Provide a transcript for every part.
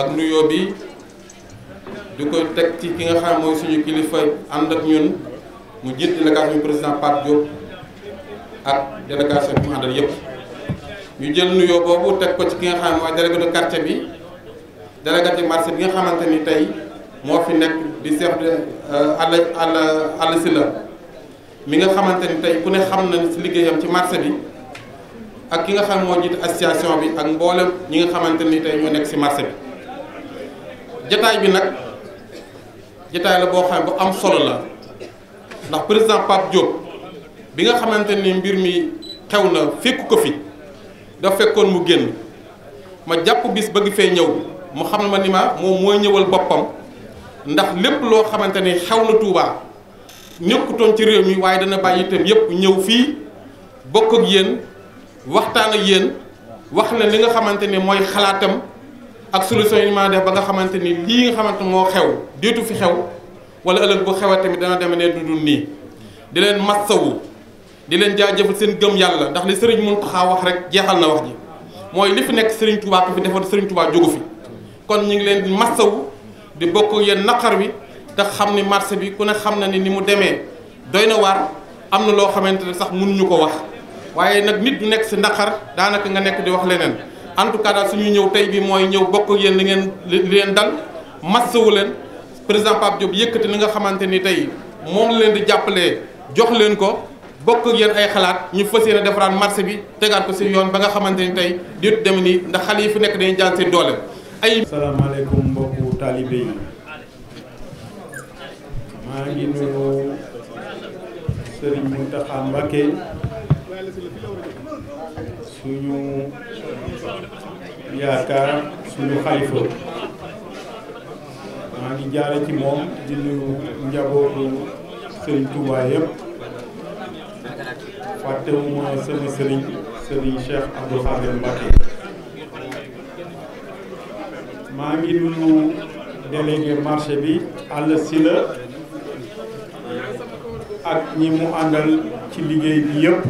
ak nuyoo bi di ko teg ci ki nga xam mooy suñu kilifa ànd ak ñun mu jiit délégation président Pape Diop ak délégation bi mu àndal yépp ñu jël nuyoo boobu teg ko ci ki nga xam mooy délégué de quartier bi délégué de bi nga xamante ni tey moo fi nekk di chef de àll àll si la mi nga xamante ni tey ku ne xam na si liggéeyam ci marché bi ak ki nga xam moo jiite association bi ak mboolem ñi nga xamante ni tey ñoo nekk ci marché bi jataay bi nag jataay la boo xam bu am solo la ndax président Pape Diop bi nga xamante ni mbir mi xew na fekk ko fi dafa fekkoon mu génn ma jàpp bis bëgg fee ñëw mu xam ma ni ma moom mooy ñëwal boppam ndax lépp loo xamante ni xew na Touba nekkutoon ci réew mi waaye dana bàyyi itam yëpp ñëw fii bokk ak yéen. waxtaan ak yéen wax na li nga xamante ni mooy xalaatam ak solution yi ma def ba nga xamante ni lii nga xamante moo xew déetu fi xew wala ëllëg bu xewee tamit dana deme ne du dul nii di leen massawu di leen jaajëfal seen gëm yàlla ndax li Serigne Mountakha wax rek jeexal na wax ji mooy li fi nekk Serigne Touba ko fi defoon Serigne Touba jógu fi kon ñu ngi leen di massawu di bokk yéen naqar wi te xam ni marché bi ku ne xam na ni ni mu demee doy na waar am na loo xamante ne sax mënuñu ko wax. waaye nag nit du nekk si naqar daanaka nga nekk di wax leneen en tout cas daal suñu ñëw tey bi mooy ñëw bokk ak yéen li ngeen li leen dal massawu leen président Pape Diop yëkkati li nga xamante ni tey moom la leen di jàppalee jox leen ko bokk ak ay xalaat ñu fas yéene defaraat marché bi tegaat ko si yoon ba nga xamante ni tey di dem nii ndax xale yi fi nekk dañuy jaan seen doole ay. salaamaaleykum mbokku taalibe yi maa ngi nuyu Serigne Mountakha Mbacké. suñu yaakaar suñu xalifa maa ngi jaare ci moom di nuyu njabootu sëriñ Touba yëpp fàttewuma sama sëriñ sëriñ Cheikh Abdou Khader Mbacké maa ngi nuyu délégué marché bi àll si la ak ñi mu àndal ci liggéey bi yëpp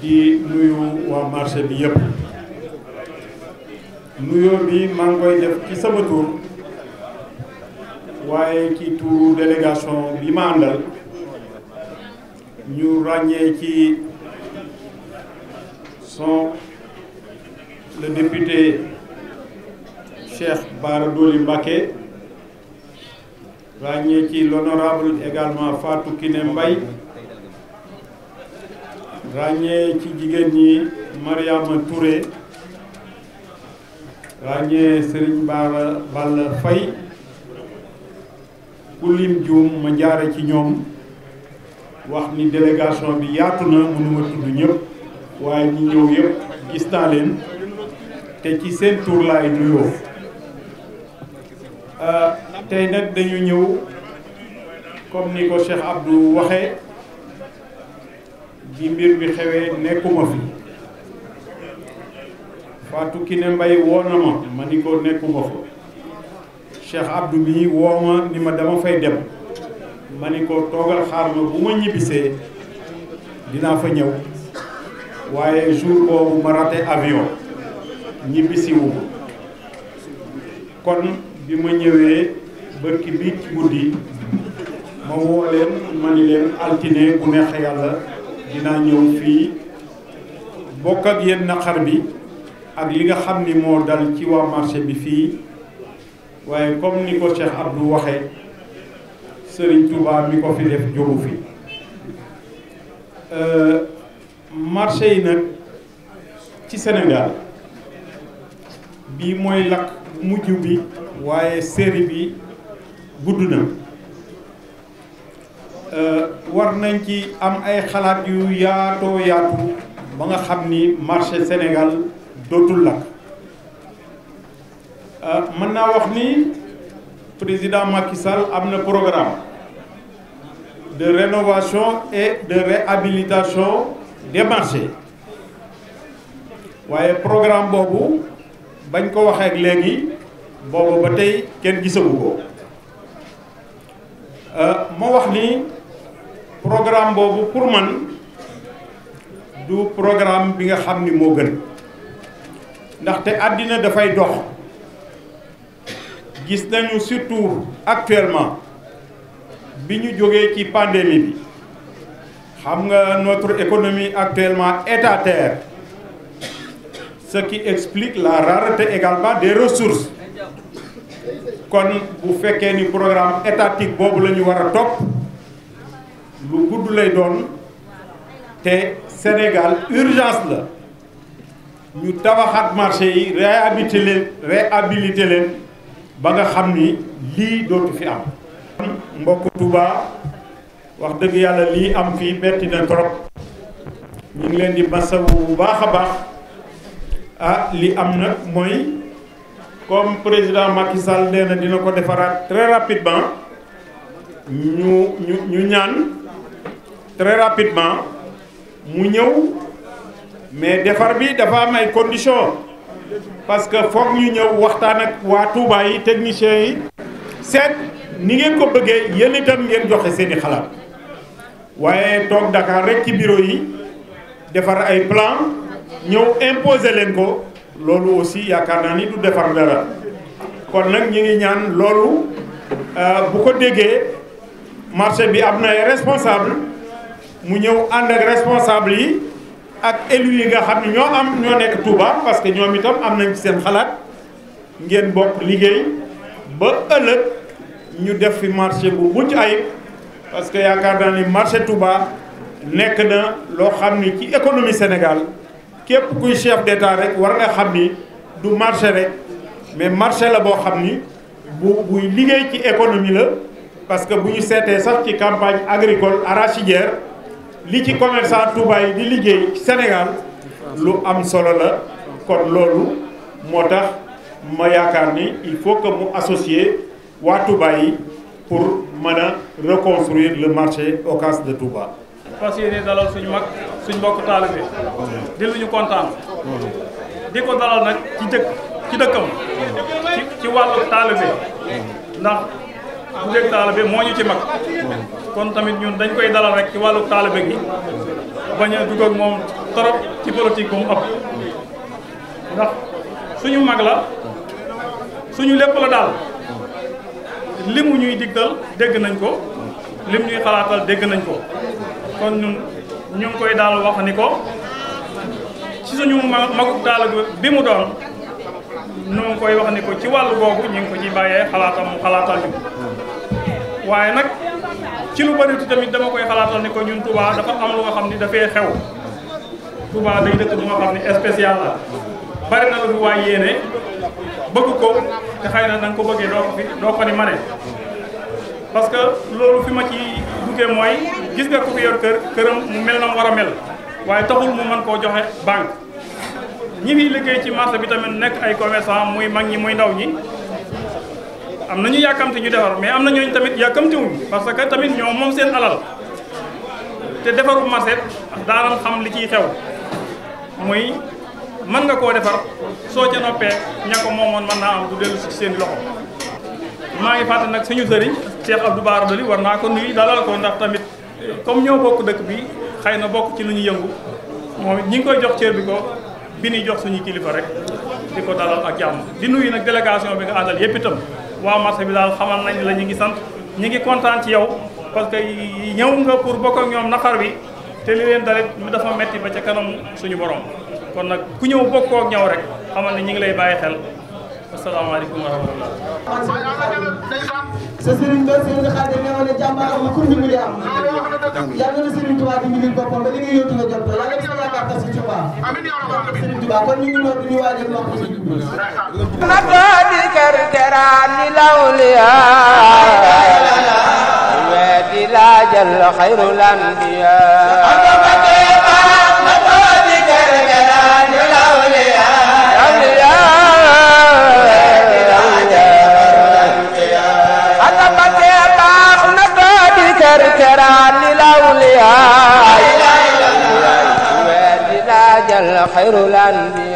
ci nuyu waa marché bi yëpp nuyoo bi maa ngi koy def ci sama tur waaye ci turu délégation bi ma àndal ñu ràññee ci son le député Cheikh Bara Dolly Mbacké ràññee ci l'honorable également Fatou Kiné Mbaye ràññee ci jigéen ñi Mariama Touré ràññee Serigne Bara Balla Faye ku juum ma jaare ci ñoom wax ni délégation bi yaatu na mënuma tudd ñëpp waaye ñi ñëw yëpp gis naa leen te ci seen tur laay nuyoo euh, tey nag dañu ñëw comme ni ko Cheikh Abdou waxee bi mbir mi xewee nekkuma fi Fatou Kiné Mbaye woo na ma ma ni ko nekkuma fa Cheikh Abdou bi woo ma ni ma dama fay dem ma ni ko toogal xaar ma bu ma ñibbisee dinaa fa ñëw waaye jour boobu ma raté avion ñibbisi wu ma kon bi ma ñëwee bërki bi guddi ma woo leen ma ni leen altine bu neex yàlla dinaa ñëw fii bokkat ak na xar bi ak yi nga xam ni moo dal ci waa marché bi fii waaye comme ni ko Cheikh Abdou waxee Serigne Touba mi ko fi def jógu fi euh, marché yi nag ci Sénégal bii mooy lakk mujj bi waaye série bi gudd na Euh, war nañ ci am ay xalaat yu yaatoo yaatu ba nga xam ni marché Sénégal dootul lakk euh, mën naa wax ni président makisal am na programme de rénovation et de réhabilitation des marchés waaye programme boobu bañ ko waxee ak léegi boobu ba tey kenn gisagu ko euh, ma wax ni. programme boobu pour man du programme bi nga xam ni moo gën ndaxte àddina dafay dox gis nañu surtout actuellement bi ñu jógee ci pandémie bi xam nga notre économie actuellement est à terre ce qui explique la rareté également des ressources kon bu fekkee ni programme étatique boobu la ñu war a topp lu gudd lay doon te Sénégal urgence la ñu tabaxaat marché yi réhabilité leen réhabilité ba nga xam ni lii dootu fi am mbokk Touba wax dëgg yàlla lii am fii metti na trop ñu ngi leen di masawu bu baax a baax ah li am nag mooy comme président Macky Sall nee na dina ko defaraat très rapidement ñu ñu ñaan très rapidement mu ñëw mais defar bi dafa am ay conditions parce que foog ñu ñëw waxtaan ak waa Touba yi techniciens yi. seet ni ngeen ko bëggee yéen itam ngeen joxe seeni xalaat waaye toog Dakar rek ci bureau yi defar ay plan ñëw imposer leen ko loolu aussi yaakaar naa ni du defar dara kon nag ñu ngi ñaan loolu euh, bu ko déggee marché bi am na responsable mu ñëw ànd ak responsable yi ak élus yi nga xam ne ñoo am ñoo nekk Touba parce que ñoom itam am nañ ci seen xalaat ngeen bokk liggéey ba ëllëg ñu def fi marché bu mucc ayib parce que yaakaar naa ni marché Touba nekk na loo xam ni ci économie Sénégal képp kuy chef d'état rek war nga xam ni du marché rek mais marché la boo xam ni bu buy liggéey ci économie la parce que bu ñu seetee sax ci campagne agricole arachidière li ci commerçant Touba yi di liggéey ci Sénégal lu am solo la kon loolu moo tax ma yaakaar ni il faut que mu associer waa Touba yi pour mën a reconstruire le marché Ocass de Touba. fas yéene dalal suñu mag suñu mbokk taalibe di lu ñu kontaan di ko dalal nag ci dëkk ci dëkkam ci wàllu taalibe ndax. bu teg taalibe moo ñu ci mag kon tamit ñun dañ koy dalal rek ci wàllu taalibe gi bañ a dugg moom trop ci politique bu mu ëpp ndax suñu mag la suñu lépp la daal limu ñuy diggal dégg nañ ko lim ñuy xalaatal dégg nañ ko kon ñun ñu koy daal wax ni ko ci suñu magub taalibe bi mu doon nu ngi koy wax ni ko ci wàllu boobu ñu ngi ko ci bàyyee xalaatam mu xalaatal ñu nag ci lu bari tamit dama ko ñun Touba dafa am lu nga xam ni dafay xew Touba day dëkk bu nga xam ni spécial la bari na lu fi waay yéene bëgg ko te xëy na danga ko bëggee doo ko ni mane parce que loolu fi ma ci duggee mooy gis nga ku fi yor kër këram mu mel na mu war a mel waaye taxul mu mën koo joxe banque ñi fiy liggéey ci marché bi tamit nekk ay commerçant muy mag ñi muy ndaw ñi am nañu yàkkamti ñu defar mais am na ñooñu tamit yàkkamtiwuñ parce que tamit ñoo moom seen alal te defaru marché daanan li ciy xew muy mën nga koo defar soo ca noppee ña ko moomoon mën naa am du dellu si seen loxo maa ngi fàtte nag suñu sëriñ Cheikh Abdou Bara Dolly war naa ko nuyu dalal ko ndax tamit comme ñoo bokk dëkk bi xay na bokk ci lu ñu yëngu moom ñu ngi koy jox cër bi ko bi ñuy jox suñu kilifa rek di ko dalal ak jàmm di nuyu nag délégation bi nga àndal yépp itam waa marché bi daal xamal nañ la ñu ngi sant ñu ngi kontaan ci yow parce que ñëw nga pour bokk ak ñoom naqar bi te li leen dalit mu dafa metti ba ca kanam suñu borom kon nag ku ñëw bokkoo ak ñaw rek xamal ne ñu ngi lay bàyyi xel asalaamaaleykum wa rahmatulah. sa sëriñ ba sëriñ Xaadim nee woon jàmbaar amul ku ñu ngi am. yàlla na sëriñ Tuubaa di ngi boppam ba li ngay yóotu nga jot ko yàlla na sa yaakaar tas ci Tuubaa. sëriñ Tuubaa kon ñu ngi noonu ñu waajal wax ci jublu. Matadi kër teraani lawliyaa. weedi laajal xayrul anbiyaa weer keraan lil awliyaa weer dina jal xayrul anbiyaa